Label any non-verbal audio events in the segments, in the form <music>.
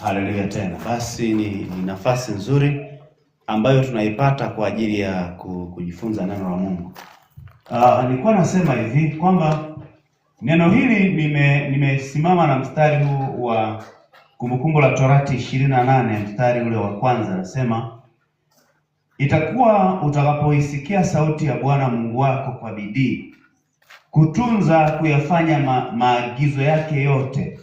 Haleluya! Tena basi ni, ni nafasi nzuri ambayo tunaipata kwa ajili ya kujifunza neno la Mungu. Uh, nilikuwa nasema hivi kwamba neno hili nimesimama nime na mstari huu wa Kumbukumbu la Torati ishirini na nane mstari ule wa kwanza, nasema itakuwa utakapoisikia sauti ya Bwana Mungu wako kwa bidii kutunza kuyafanya ma, maagizo yake yote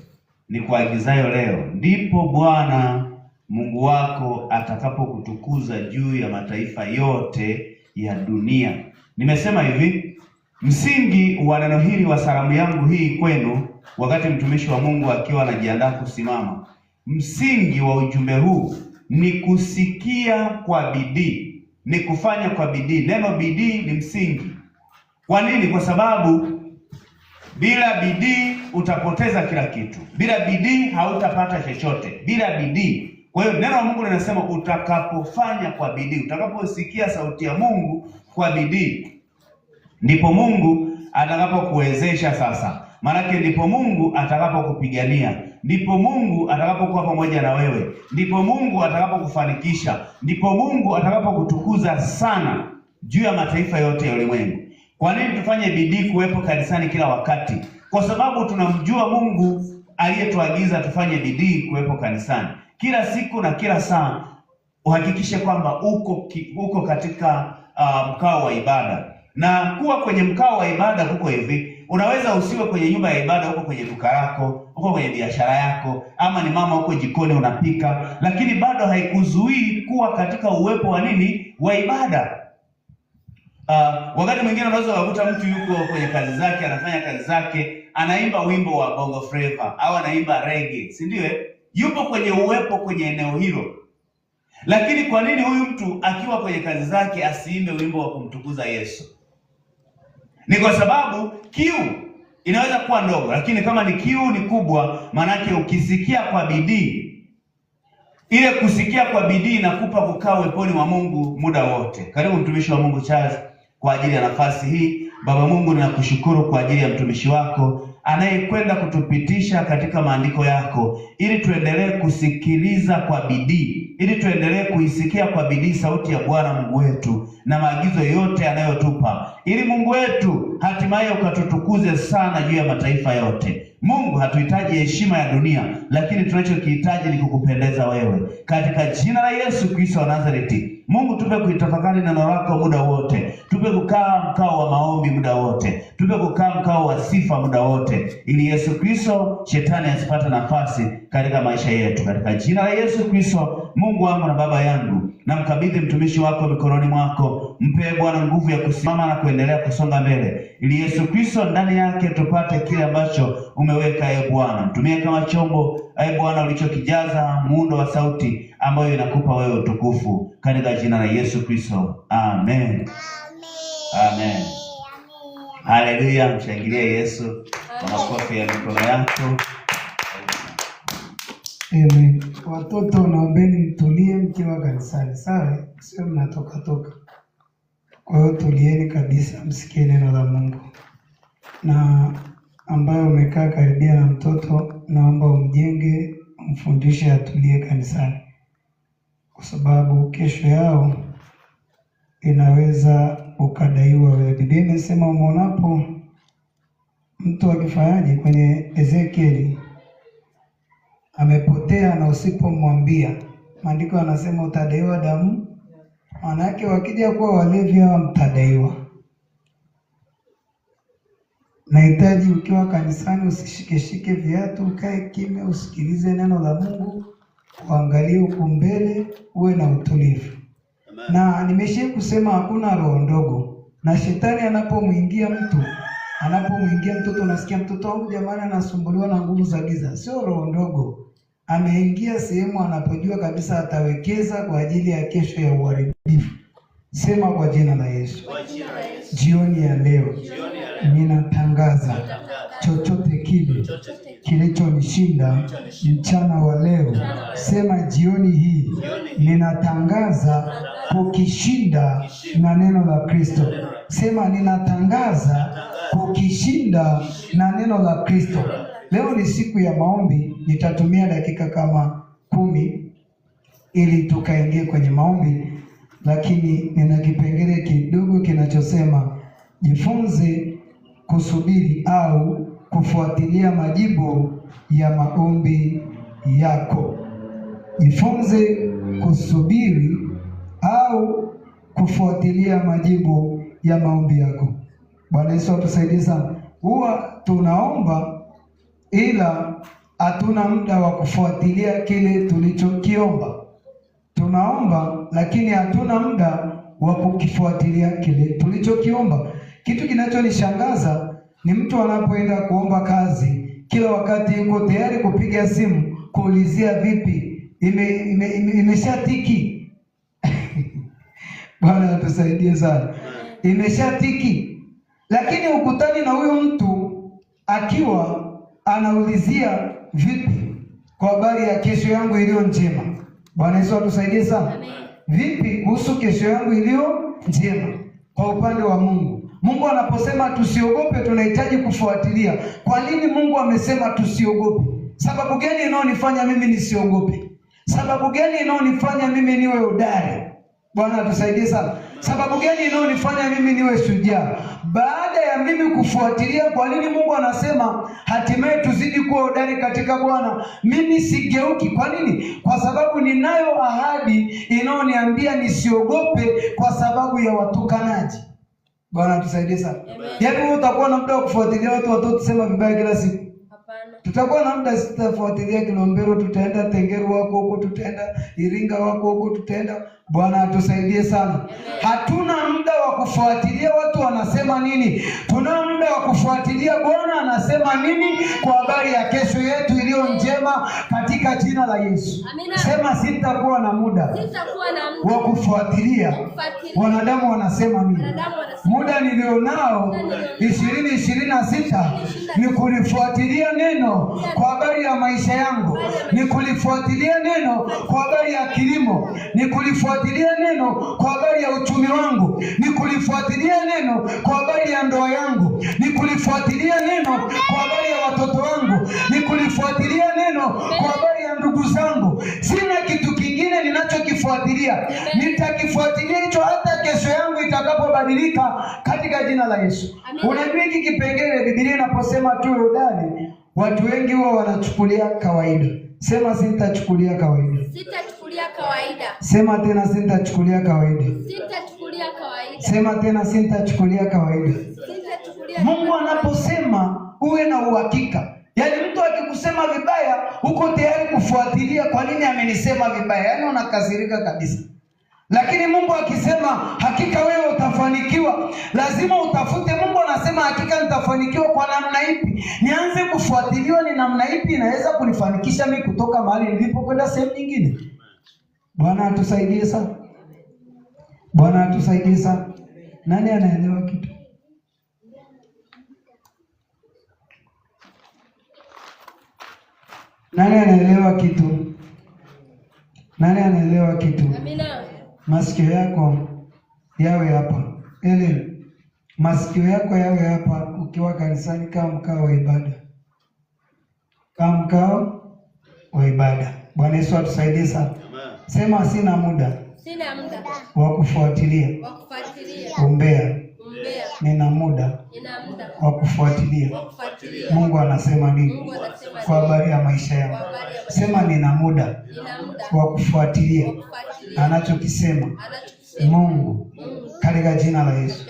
ni kuagizayo leo, ndipo Bwana Mungu wako atakapokutukuza juu ya mataifa yote ya dunia. Nimesema hivi, msingi wa neno hili wa salamu yangu hii kwenu, wakati mtumishi wa Mungu akiwa anajiandaa kusimama, msingi wa ujumbe huu ni kusikia kwa bidii, ni kufanya kwa bidii. Neno bidii ni msingi. Kwa nini? Kwa sababu bila bidii utapoteza kila kitu. Bila bidii hautapata chochote, bila bidii. Kwa hiyo neno la Mungu linasema utakapofanya kwa bidii, utakaposikia sauti ya Mungu kwa bidii, ndipo Mungu atakapokuwezesha sasa Maanake ndipo Mungu atakapokupigania, ndipo Mungu atakapokuwa pamoja na wewe, ndipo Mungu atakapokufanikisha, ndipo Mungu atakapokutukuza sana juu ya mataifa yote ya ulimwengu. Kwa nini tufanye bidii kuwepo kanisani kila wakati? kwa sababu tunamjua Mungu aliyetuagiza tufanye bidii kuwepo kanisani kila siku na kila saa. Uhakikishe kwamba uko uko katika uh, mkao wa ibada na kuwa kwenye mkao wa ibada huko hivi. Unaweza usiwe kwenye nyumba ya ibada, uko kwenye duka lako, uko kwenye biashara yako, ama ni mama uko jikoni unapika, lakini bado haikuzuii kuwa katika uwepo wa nini wa ibada. Uh, wakati mwingine unaweza kukuta mtu yuko kwenye kazi zake, anafanya kazi zake anaimba wimbo wa Bongo Flava au anaimba reggae, si ndio? Eh? Yupo kwenye uwepo kwenye eneo hilo, lakini kwa nini huyu mtu akiwa kwenye kazi zake asiimbe wimbo wa kumtukuza Yesu? Ni kwa sababu kiu inaweza kuwa ndogo, lakini kama ni kiu ni kubwa, maanake ukisikia kwa bidii ile kusikia kwa bidii inakupa kukaa uweponi wa Mungu muda wote. Karibu mtumishi wa Mungu Charles, kwa ajili ya nafasi hii. Baba Mungu, ninakushukuru kwa ajili ya mtumishi wako anayekwenda kutupitisha katika maandiko yako, ili tuendelee kusikiliza kwa bidii, ili tuendelee kuisikia kwa bidii sauti ya Bwana Mungu wetu na maagizo yote anayotupa, ili Mungu wetu hatimaye ukatutukuze sana juu ya mataifa yote. Mungu, hatuhitaji heshima ya dunia, lakini tunachokihitaji ni kukupendeza wewe, katika jina la Yesu Kristo wa Nazareti. Mungu tupe kuitafakari neno lako muda wote, tupe kukaa mkao wa maombi muda wote, tupe kukaa mkao wa sifa muda wote, ili Yesu Kristo shetani asipate nafasi katika maisha yetu, katika jina la Yesu Kristo. Mungu wangu na Baba yangu, namkabidhi mtumishi wako mikononi mwako, mpe Bwana nguvu ya kusimama na kuendelea kusonga mbele, ili Yesu Kristo ndani yake tupate kile ambacho umeweka, ewe Bwana, mtumie kama chombo Ee Bwana, ulichokijaza muundo wa sauti ambayo inakupa wewe utukufu katika jina la Yesu Kristo, amen, amen, Haleluya, mshangilie Yesu kwa makofi ya mikono yako. Amen. Watoto naombeni mtulie mkiwa kanisani, sawa? Sio mnatoka toka. Kwa hiyo tulieni kabisa, msikie neno la Mungu, na ambayo umekaa karibia na mtoto naomba umjenge, umfundishe atulie kanisani, kwa sababu kesho yao inaweza ukadaiwa wewe. Biblia imesema umeonapo mtu akifanyaje kwenye Ezekieli amepotea na usipomwambia, maandiko anasema utadaiwa damu. Maana yake wakija kuwa walevi hawa mtadaiwa. Nahitaji ukiwa kanisani usishikeshike viatu, ukae kimya, usikilize neno la Mungu, uangalie huko mbele, uwe na utulivu. Na nimeshii kusema hakuna roho ndogo, na shetani anapomwingia mtu anapomwingia mtoto, unasikia mtoto wangu jamani, anasumbuliwa na nguvu za giza. Sio roho ndogo, ameingia sehemu anapojua kabisa atawekeza kwa ajili ya kesho ya uharibifu. Sema kwa jina la Yesu, jioni ya leo jioni ninatangaza chochote kile kilichonishinda mchana wa leo, sema jioni hii, ninatangaza kukishinda na neno la Kristo. Sema ninatangaza kukishinda na neno la Kristo. Leo ni siku ya maombi, nitatumia dakika kama kumi ili tukaingie kwenye maombi, lakini nina kipengele kidogo kinachosema jifunze kusubiri au kufuatilia majibu ya maombi yako. Jifunze kusubiri au kufuatilia majibu ya maombi yako. Bwana Yesu atusaidie sana. Huwa tunaomba ila hatuna muda wa kufuatilia kile tulichokiomba. Tunaomba lakini hatuna muda wa kukifuatilia kile tulichokiomba. Kitu kinachonishangaza ni mtu anapoenda kuomba kazi, kila wakati yuko tayari kupiga simu kuulizia vipi, imeshatiki ime, ime, ime <laughs> Bwana atusaidie sana, imeshatiki. Lakini ukutani na huyu mtu akiwa anaulizia vipi kwa habari ya kesho yangu iliyo njema. Bwana Yesu atusaidie sana. Vipi kuhusu kesho yangu iliyo njema kwa upande wa Mungu? Mungu anaposema tusiogope, tunahitaji kufuatilia. Kwa nini Mungu amesema tusiogope? Sababu gani inayonifanya mimi nisiogope? Sababu gani inayonifanya mimi niwe hodari? Bwana atusaidie sana. Sababu gani inayonifanya mimi niwe shujaa? Baada ya mimi kufuatilia, kwa nini Mungu anasema hatimaye tuzidi kuwa hodari katika Bwana? Mimi sigeuki. Kwa nini? Kwa sababu ninayo ahadi inayoniambia nisiogope kwa sababu ya watukanaji. Bwana atusaidie sana. Yaani utakuwa na muda wa kufuatilia watu wataotusema vibaya kila siku? Hapana. Tutakuwa na muda sitafuatilia Kilombero, tutaenda Tengeru wako huko, tutaenda Iringa wako huko, tutaenda Bwana atusaidie sana. Hatuna muda wa kufuatilia watu wanasema nini, tuna muda wa kufuatilia Bwana anasema nini kwa habari ya kesho yetu iliyo njema, katika jina la Yesu. Amina. Sema sitakuwa na muda, sitakuwa na muda wa kufuatilia wanadamu wanasema nini. Muda nilionao ishirini ishirini na sita ni kulifuatilia neno kwa habari ya maisha yangu, ni kulifuatilia neno kwa habari ya kilimo, ni kulifuatilia kulifuatilia neno kwa habari ya uchumi wangu, ni kulifuatilia neno kwa habari ya ndoa yangu, ni kulifuatilia neno kwa habari ya watoto wangu, ni kulifuatilia neno kwa habari ya ndugu zangu. Sina kitu kingine ninachokifuatilia, nitakifuatilia hicho hata kesho yangu itakapobadilika, katika jina la Yesu. Unajua hiki kipengele Biblia inaposema tu Yordani Watu wengi huwa wanachukulia kawaida. Sema sintachukulia kawaida. Sitachukulia kawaida. Sema tena sintachukulia kawaida. Sitachukulia kawaida. Sema tena sintachukulia kawaida. Sitachukulia. Mungu anaposema uwe na uhakika. Yaani mtu akikusema vibaya uko tayari kufuatilia kwa nini amenisema vibaya. Yaani unakasirika kabisa. Lakini Mungu akisema hakika wewe utafanikiwa, lazima utafute. Mungu anasema hakika nitafanikiwa kwa namna ipi? Nianze kufuatiliwa ni namna ipi inaweza kunifanikisha mimi kutoka mahali nilipo kwenda sehemu nyingine? Bwana atusaidie sana. Bwana atusaidie sana. Nani anaelewa kitu? Nani anaelewa kitu? Nani anaelewa kitu? Amina masikio yako yawe hapa Ellen, masikio yako yawe hapa ukiwa kanisani, kama mkao wa ibada, kama mkao wa ibada. Bwana Yesu atusaidie sana. Sema sina muda, sina muda wa kufuatilia, wa kufuatilia umbea, umbea. Nina muda wa kufuatilia. Mungu anasema nini kwa habari ya maisha yako? Sema nina muda wa kufuatilia anachokisema Mungu katika jina la Yesu.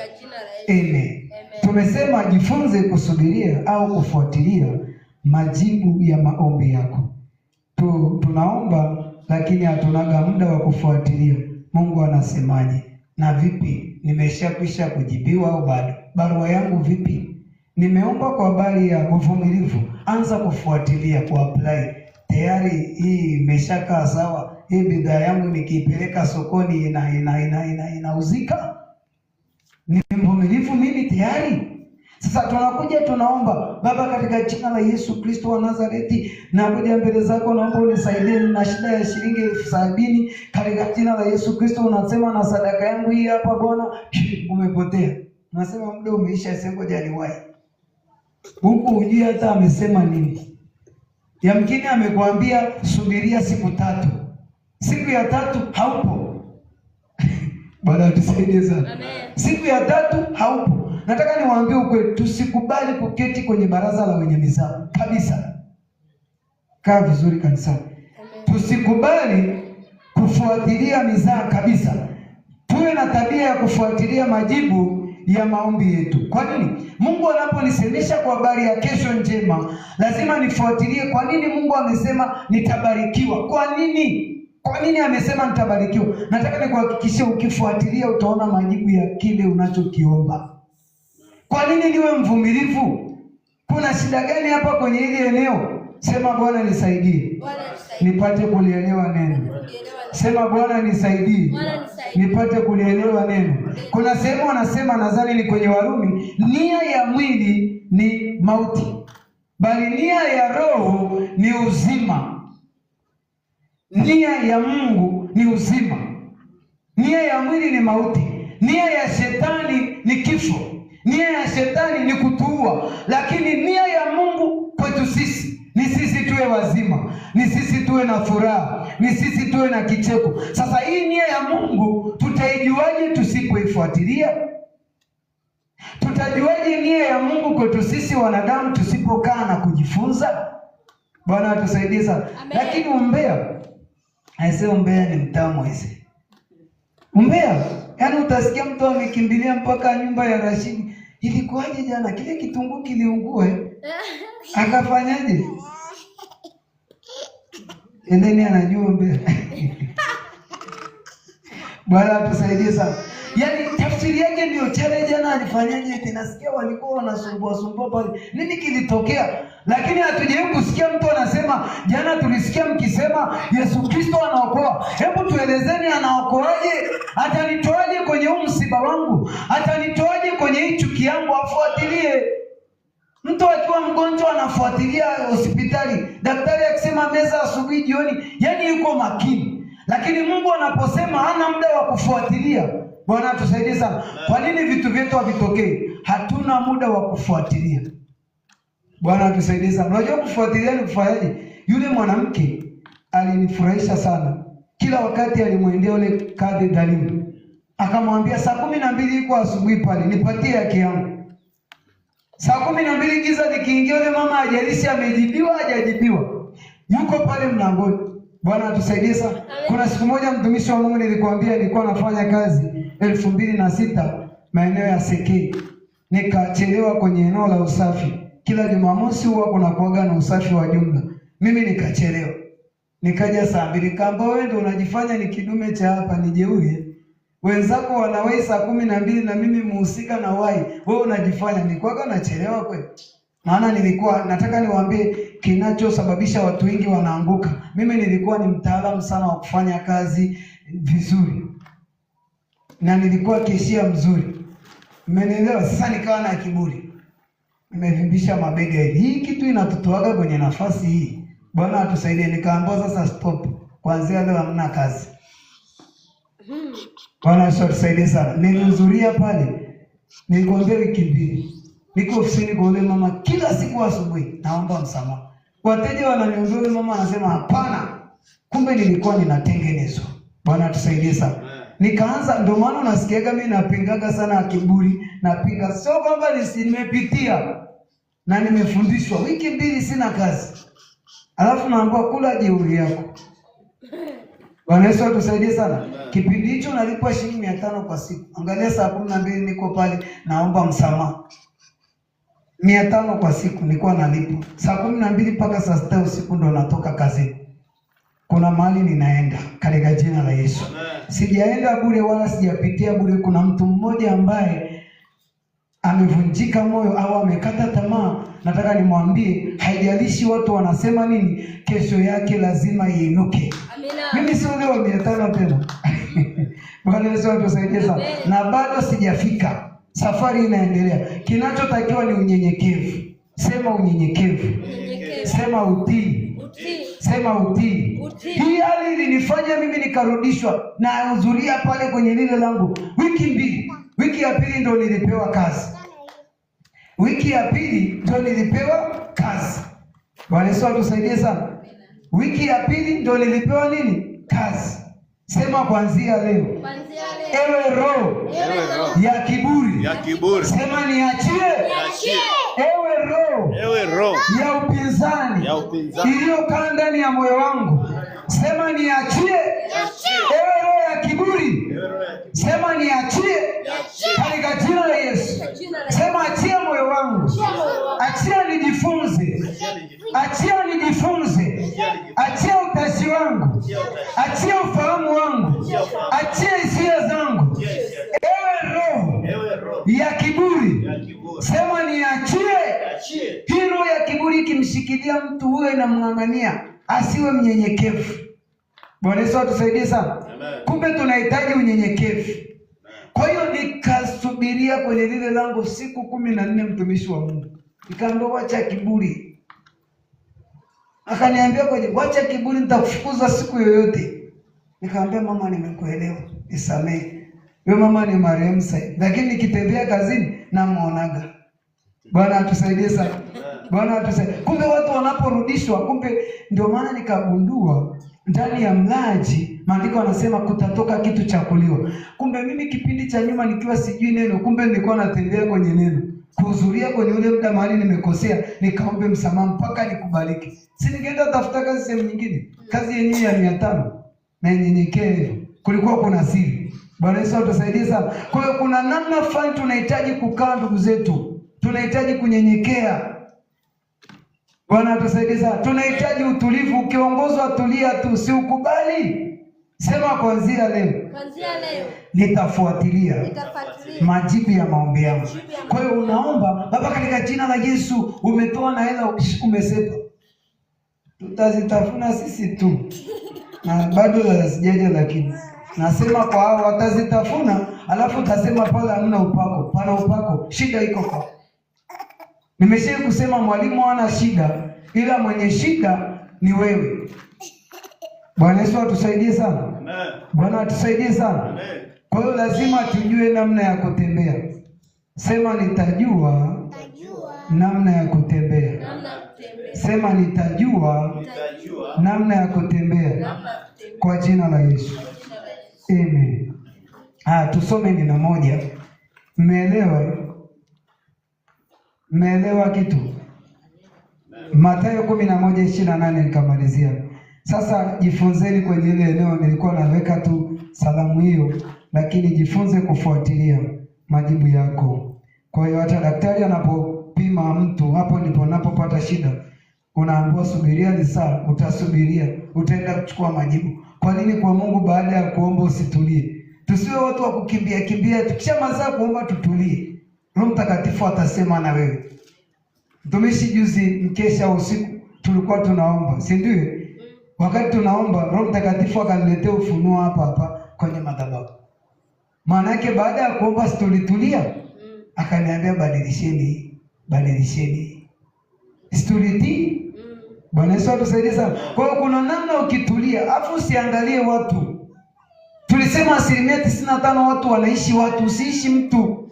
Amen. Tumesema jifunze kusubiria au kufuatilia majibu ya maombi yako tu. Tunaomba lakini hatunaga muda wa kufuatilia. Mungu anasemaje? na vipi, nimeshakwisha kujibiwa au bado? Barua yangu vipi? Nimeomba kwa habari ya uvumilivu, anza kufuatilia kuapply. Tayari hii imeshakaa sawa, hii bidhaa yangu nikiipeleka sokoni ina inauzika ina, ina, ina, ina ni mvumilivu mimi tayari sasa tunakuja tunaomba, Baba, katika jina la Yesu Kristo wa Nazareti, nakuja mbele zako, naomba unisaidie, nina shida ya shilingi elfu sabini katika jina la Yesu Kristo. Unasema na sadaka yangu hii hapa Bwana umepotea, unasema muda umeisha, sengoja niwahi huku, hujui hata amesema nini. Yamkini amekwambia subiria siku tatu, siku ya tatu haupo. <laughs> Bwana atusaidie sana, siku ya tatu haupo. Nataka niwaambie ukweli, tusikubali kuketi kwenye baraza la wenye mizaha kabisa. Kaa vizuri kanisani, tusikubali kufuatilia mizaha kabisa. Tuwe na tabia ya kufuatilia majibu ya maombi yetu. Kwa nini? Mungu anaponisemesha kwa habari ya kesho njema, lazima nifuatilie. Kwa nini Mungu amesema nitabarikiwa? Kwa nini kwa nini amesema nitabarikiwa? Nataka nikuhakikishie, ukifuatilia utaona majibu ya kile unachokiomba. Kwa nini niwe mvumilivu? Kuna shida gani hapa kwenye hili eneo? Sema Bwana nisaidie, nipate kulielewa neno. Sema Bwana nisaidie, nipate kulielewa neno. Kuna sehemu wanasema, nadhani ni kwenye Warumi, nia ya mwili ni mauti, bali nia ya roho ni uzima. Nia ya Mungu ni uzima, nia ya mwili ni mauti, nia ya shetani ni kifo. Nia ya shetani ni kutuua, lakini nia ya Mungu kwetu sisi ni sisi tuwe wazima, ni sisi tuwe na furaha, ni sisi tuwe na kicheko. Sasa hii nia ya Mungu tutaijuaje tusipoifuatilia? Tutajuaje nia ya Mungu kwetu sisi wanadamu tusipokaa na kujifunza? Bwana atusaidie sana. Lakini umbea aisee, umbea ni mtamu aisee, umbea yaani utasikia mtu amekimbilia mpaka nyumba ya Rashidi Ilikuwaje jana? Kile kitunguu kiliungue, <laughs> akafanyaje? Endeni anajua mbele. <laughs> Bwana atusaidie sana. Yaani tafsiri yake ndio chele jana alifanyaje? Eti walikuwa wanasumbua sumbua pale. Nini kilitokea? Lakini hatujawahi kusikia mtu anasema jana tulisikia mkisema Yesu Kristo anaokoa. Hebu tuelezeni anaokoaje? Atanitoaje kwenye huu msiba wangu? Atanitoa kwenye hii chuki yangu afuatilie. Mtu akiwa mgonjwa anafuatilia hospitali, daktari akisema meza asubuhi, jioni, yani yuko makini, lakini Mungu anaposema hana muda wa kufuatilia. Bwana tusaidie sana. Kwa nini vitu vyetu havitokei? Hatuna muda wa kufuatilia. Bwana tusaidie sana. Unajua kufuatilia ni kufanyaje? Yule mwanamke alinifurahisha sana, kila wakati alimwendea yule kadhi dhalimu akamwambia, saa kumi na mbili iko asubuhi pale, nipatie haki yangu. Saa kumi na mbili giza likiingia, yule mama hajarisi, amejibiwa hajajibiwa, yuko pale mlangoni. Bwana atusaidie sana. Kuna siku moja mtumishi wa Mungu nilikwambia, nilikuwa nafanya kazi elfu mbili na sita maeneo ya Sekei, nikachelewa kwenye eneo la usafi. Kila Jumamosi huwa kuna kuaga na usafi wa jumla, mimi nikachelewa, nikaja saa mbili. Kamba wewe ndo unajifanya ni kidume cha hapa, ni jeuri wenzako wanawai saa kumi na mbili na mimi muhusika na wai, wewe unajifanya ni nilikuwaga nachelewa kweli? Maana nilikuwa nataka niwaambie kinachosababisha watu wengi wanaanguka. Mimi nilikuwa ni mtaalamu sana wa kufanya kazi vizuri na nilikuwa kishia mzuri, mmenielewa? Sasa nikawa na kiburi, nimevimbisha mabega hivi. Hii kitu inatutoaga kwenye nafasi hii. Bwana atusaidie. Nikaambia sasa stop, kuanzia leo hamna kazi. Bwana Yesu atusaidie sana. Nilihudhuria pale, nilikwambia wiki mbili, niko ofisini kwa mama kila siku asubuhi, naomba msamaha. Wateja wananihudhuria, mama anasema hapana, kumbe nilikuwa ninatengenezwa. Bwana atusaidie sana. Nikaanza, ndio maana nasikiaga mimi napingaga sana kiburi, napinga sio kwamba nimepitia na nimefundishwa. Wiki mbili sina kazi, alafu naambiwa kula jeuri yako. Bwana Yesu atusaidie sana. Kipindi hicho nalipwa shilingi mia tano kwa siku. Angalia saa kumi na mbili niko pale naomba msamaha. Mia tano kwa siku nilikuwa nalipwa. Saa kumi na mbili mpaka saa sita usiku ndo natoka kazini. Kuna mahali ninaenda katika jina la Yesu. Sijaenda bure wala sijapitia bure. Kuna mtu mmoja ambaye amevunjika moyo au amekata tamaa, nataka nimwambie, haijalishi watu wanasema nini, kesho yake lazima iinuke. Mimi si ule wa mia tano tena. <laughs> Bwana Yesu atusaidie sana. Na bado sijafika, safari inaendelea. Kinachotakiwa ni unyenyekevu. Sema unyenyekevu, sema utii, sema utii. Hii hali ilinifanya mimi nikarudishwa na uzuria pale kwenye lile langu wiki mbili. Wiki ya pili ndo nilipewa kazi, wiki ya pili ndo nilipewa kazi. Bwana Yesu atusaidie sana. Wiki ya pili ndo nilipewa nini? Kazi. Sema kuanzia leo, ewe roho ya kiburi, ya kiburi, sema niachie. Ewe roho ya upinzani iliyokaa ndani ya moyo wangu, sema niachie. Ewe roho ya kiburi, sema niachie katika jina la Yesu. Sema achia moyo wangu, achia nijifunze, achia kumsaidia mtu huyo inamng'ang'ania asiwe mnyenyekevu. Bwana Yesu atusaidie sana. Kumbe tunahitaji unyenyekevu. Kwa hiyo nikasubiria kwenye lile lango siku kumi na nne, mtumishi wa Mungu nikaambia, wacha kiburi. Akaniambia kwenye wacha kiburi, nitakufukuza siku yoyote. Nikaambia mama, nimekuelewa, nisamehe. Yule mama ni marehemu sasa, lakini nikitembea kazini namuonaga. Bwana atusaidie sana. Bwana atusaidie. Kumbe unaporudishwa, kumbe. Ndio maana nikagundua ndani ya mlaji maandiko anasema kutatoka kitu cha kuliwa. Kumbe mimi kipindi cha nyuma nikiwa sijui neno, kumbe nilikuwa natembea kwenye neno, kuhudhuria kwenye ule muda mahali nimekosea, nikaombe msamaha mpaka nikubariki Si ningeenda tafuta kazi sehemu nyingine, kazi yenyewe ya mia tano na inyenyekee hivyo. Kulikuwa kuna siri. Bwana Yesu atusaidie sana. Kwa hiyo kuna namna fulani tunahitaji kukaa, ndugu zetu, tunahitaji kunyenyekea Bwana atusaidia. Tunahitaji utulivu, ukiongozwa tulia tu, si ukubali. Sema kuanzia leo, kuanzia leo nitafuatilia, nitafuatilia majibu ya maombi yangu. Kwa hiyo unaomba, Baba, katika jina la Yesu, umetoa na hela umesema tutazitafuna sisi tu na bado hazijaja, lakini nasema kwa hao watazitafuna, alafu utasema pale hamna upako, pana upako, shida iko kwa Nimeshawahi kusema mwalimu hana shida, ila mwenye shida ni wewe. Bwana Yesu atusaidie sana. Amen. Bwana atusaidie sana. Amen. Kwa hiyo lazima tujue namna ya kutembea. Sema nitajua, namna ya kutembea. Namna kutembea. Sema nitajua, namna ya kutembea. Namna ya kutembea. Kwa jina la Yesu. Amen. Ah, tusome nina moja. Mmeelewa? Mmeelewa kitu? Mathayo kumi na moja ishirini na nane nikamalizia. Sasa jifunzeni kwenye ile eneo, nilikuwa naweka tu salamu hiyo, lakini jifunze kufuatilia majibu yako. Kwa hiyo hata daktari anapopima mtu, hapo ndipo unapopata shida. Unaambiwa subiria ni saa, utasubiria, utaenda kuchukua majibu. Kwa nini kwa Mungu baada ya kuomba usitulie? Tusiwe watu wa kukimbia kimbia, tukishamaliza kuomba tutulie. Roho Mtakatifu atasema na wewe. Mtumishi, juzi mkesha usiku tulikuwa tunaomba, si ndio? Mm. Wakati tunaomba Roho Mtakatifu akaniletea ufunuo hapa hapa kwenye madhabahu. Maana yake baada ya kuomba situlitulia, mm. akaniambia badilisheni, badilisheni. Situlitii. Mm. Bwana Yesu atusaidie sana. Kwa hiyo kuna namna ukitulia, afu usiangalie watu. Tulisema asilimia tisini na tano watu wanaishi watu, usiishi mtu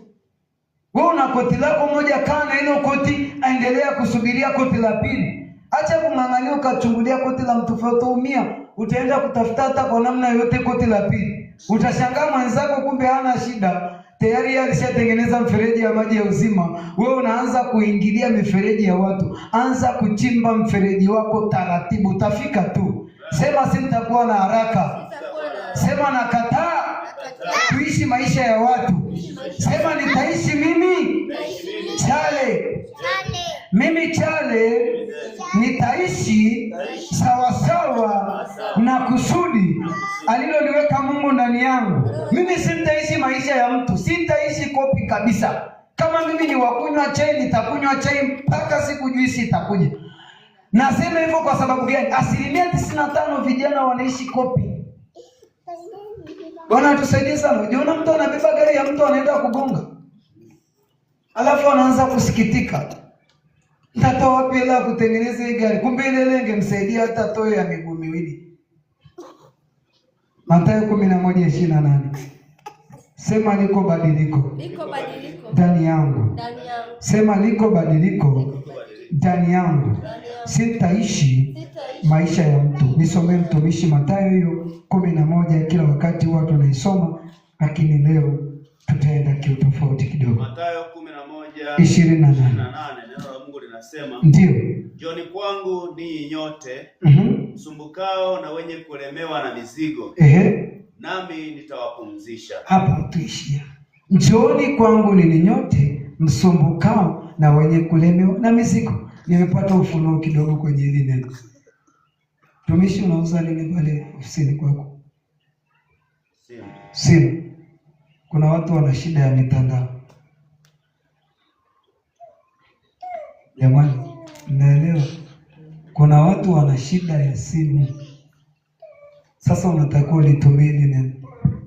we una koti lako moja, kaa na hilo koti, endelea kusubiria koti la pili. Acha kung'ang'ania ukachungulia koti la mtu, umia utaenda kutafuta hata kwa namna yote koti la pili. Utashangaa mwenzako, kumbe hana shida tayari yeye alishatengeneza mfereji ya maji ya uzima. we unaanza kuingilia mifereji ya watu. Anza kuchimba mfereji wako taratibu, utafika tu. Sema si na haraka, sema nakataa kuishi maisha ya watu. Sema nitaishi mimi chale, mimi chale nitaishi sawasawa na kusudi aliloliweka Mungu ndani yangu. Mimi sitaishi maisha ya mtu, sitaishi kopi kabisa. Kama mimi ni wakunywa chai, nitakunywa chai mpaka siku juisi itakuja. Nasema hivyo kwa sababu gani? Asilimia tisini na tano vijana wanaishi kopi Bwana atusaidie sana. Unajiona mtu anabeba gari ya mtu anaenda kugonga, alafu anaanza kusikitika, ntatoa wapi hela kutengeneza hii gari? Kumbe ile ile ingemsaidia hata toyo ya miguu miwili. Mathayo kumi na moja ishirini na nane sema liko badiliko ndani yangu, sema liko badiliko ndani yangu sitaishi maisha ya mtu. Nisomee mtumishi Mathayo hiyo kumi na moja, kila wakati huwa tunaisoma, lakini leo tutaenda kiutofauti kidogo. Mathayo kumi na moja ishirini na nane neno la Mungu linasema ndio, njoni kwangu ninyi nyote mhm. msumbukao na wenye kulemewa na mizigo, ehe, nami nitawapumzisha. Hapa tuishia, njoni kwangu ninyi nyote msumbukao na wenye kulemewa na mizigo nimepata ufunuo kidogo kwenye hili neno. Mtumishi, unauza nini pale ofisini kwako? Simu. Kuna watu wana shida ya mitandao jamani, naelewa. Kuna watu wana shida ya simu. Sasa unatakiwa ulitumie hili neno,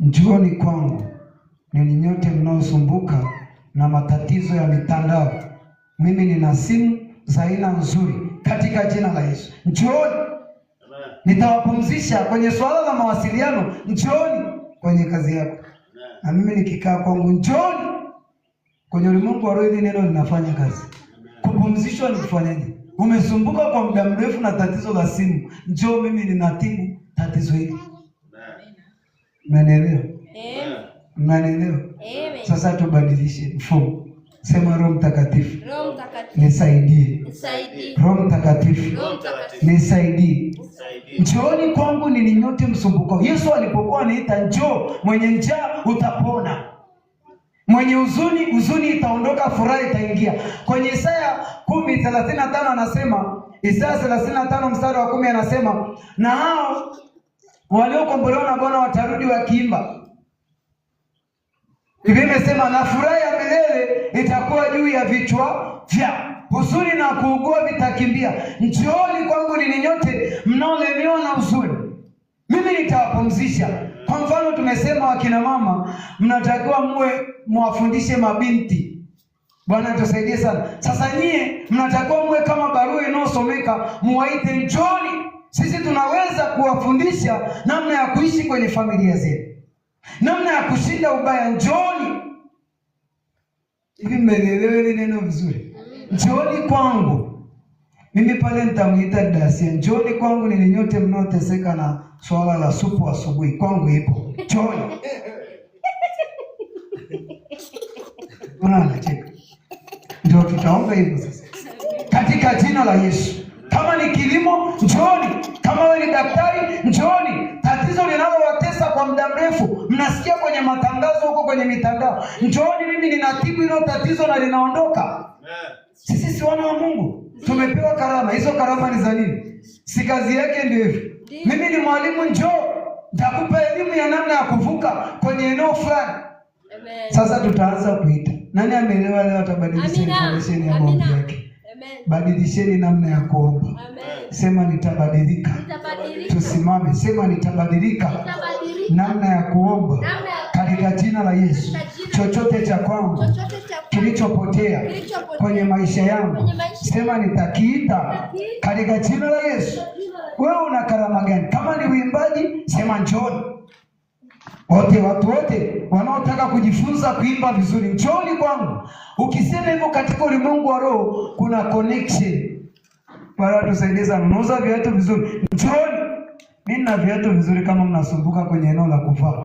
njooni kwangu ninyi nyote mnaosumbuka na matatizo ya mitandao, mimi nina simu za aina nzuri katika jina la Yesu. Njooni, nitawapumzisha kwenye swala la mawasiliano. Njooni kwenye kazi yako, na mimi nikikaa kwangu. Njooni kwenye ulimwengu wa roho, neno linafanya kazi. Kupumzishwa ni kufanyaje? Umesumbuka kwa muda mrefu na tatizo la simu, njoo mimi ninatibu tatizo hili. Mnanielewa? Mnanielewa? Sasa tubadilishe mfumo Sema Roho Mtakatifu nisaidie, Roho Mtakatifu nisaidie, njooni kwangu ninyi msumbuko. Yesu alipokuwa anaita njoo, mwenye njaa utapona, mwenye huzuni huzuni itaondoka, furaha itaingia. Kwenye Isaya kumi thelathini na tano anasema, Isaya thelathini na tano mstari wa kumi anasema, na hao waliokombolewa na Bwana watarudi wakiimba Biblia imesema na furaha ya milele itakuwa juu ya vichwa vya huzuni na kuugua vitakimbia. Njooni kwangu ninyi nyote mnaolemewa na huzuni, mimi nitawapumzisha. Kwa mfano, tumesema wakina mama, mnatakiwa muwe mwafundishe mabinti Bwana tusaidie sana. Sasa nyie mnatakiwa muwe kama barua inayosomeka, muwaite njooni. Sisi tunaweza kuwafundisha namna ya kuishi kwenye familia zetu namna ya kushinda ubaya. njoni hivi, mmelielewa ile neno vizuri? njoni kwangu mimi, pale nitamwita Dasia. njoni kwangu ni nyote mnaoteseka na swala la supu asubuhi, kwangu ipo. Njooni <laughs> ndio tutaomba hivyo sasa, katika jina la Yesu. Kama ni kilimo, njoni Kama wewe ni daktari, njoni Tatizo linalo pesa kwa muda mrefu, mnasikia kwenye matangazo huko kwenye mitandao, njooni mimi ninatibu hilo tatizo na linaondoka. Sisi si wana wa Mungu, tumepewa karama. Hizo karama ni za nini? Si kazi yake ndio hivyo? Mimi ni mwalimu, njoo nitakupa elimu ya namna ya kuvuka kwenye eneo fulani. Sasa tutaanza kuita nani ameelewa leo, atabadilisha information ya maombi yake. Badilisheni namna ya kuomba. Sema nitabadilika. Tusimame, sema nitabadilika namna ya kuomba katika jina la Yesu. Chochote cha kwangu kilichopotea kwenye maisha yangu, sema nitakiita katika jina la Yesu. Wewe una karama gani? Kama ni uimbaji, sema njoni wote, watu wote wanaotaka kujifunza kuimba vizuri, njoni kwangu. Ukisema hivyo katika ulimwengu wa roho kuna connection. Wale watusaidie sana, mnauza viatu vizuri, njoni. Mimi nina viatu vizuri, kama mnasumbuka kwenye eneo la kuvaa